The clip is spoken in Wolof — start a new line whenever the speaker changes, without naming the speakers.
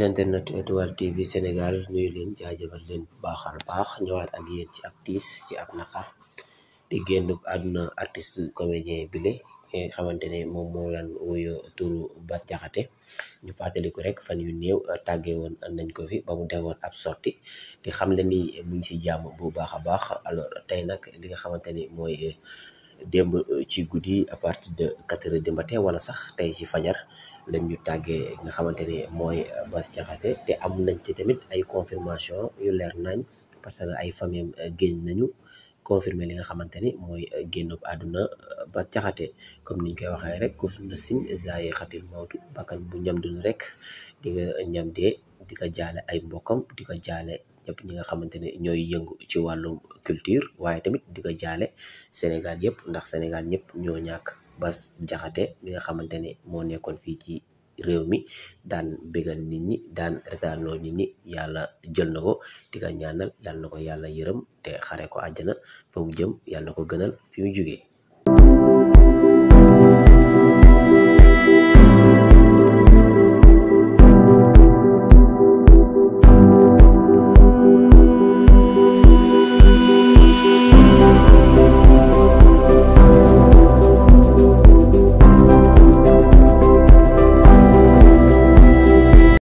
site internet étoile tv sénégal nuyu leen jaajëfal leen bu baax a baax ñëwaat ak yéen ci ak tiis ci ak naqar di génn àdduna artiste comédien bile nga xamante ne moom moo lan woyo turu Bass Jaxate ñu rek fan yu néew tàggee woon nañ ko fi ba mu demoon ab sorti di xam le ni mu ngi si jàmm bu baax a baax alors tey nag li nga xamante ni mooy démb euh, ci guddi à partir de quatre heures du matin wala sax tey ci fajar lañ ñu tàggee nga xamante ne mooy euh, Bass Diakhaté te am nañ ci tamit ay confirmation yu leer nañ parce que ay famille euh, génn nañu confirmer li nga xamante ni mooy euh, génnub àdduna euh, ba caxate comme niñ koy waxee rek kuf na siñ zaye xatil mawtu bakkan bu ñam dund rek di nga ñam dee di ko jaale ay mbokkam di ko jaale ñëpp ñi nga xamante ne ñooy yëngu ci wàllum culture waaye tamit di ko jaale Sénégal yëpp ndax Sénégal ñëpp ñoo ñàkk Bass Jaxate mi nga xamante ne moo nekkoon fii ci réew mi daan bégal nit ñi daan retaanloo nit ni yàlla jël na ko di ko ñaanal yàlla na ko yàlla yërëm te xare ko àjjana fa mu jëm yàlla na ko gënal fi mu jugee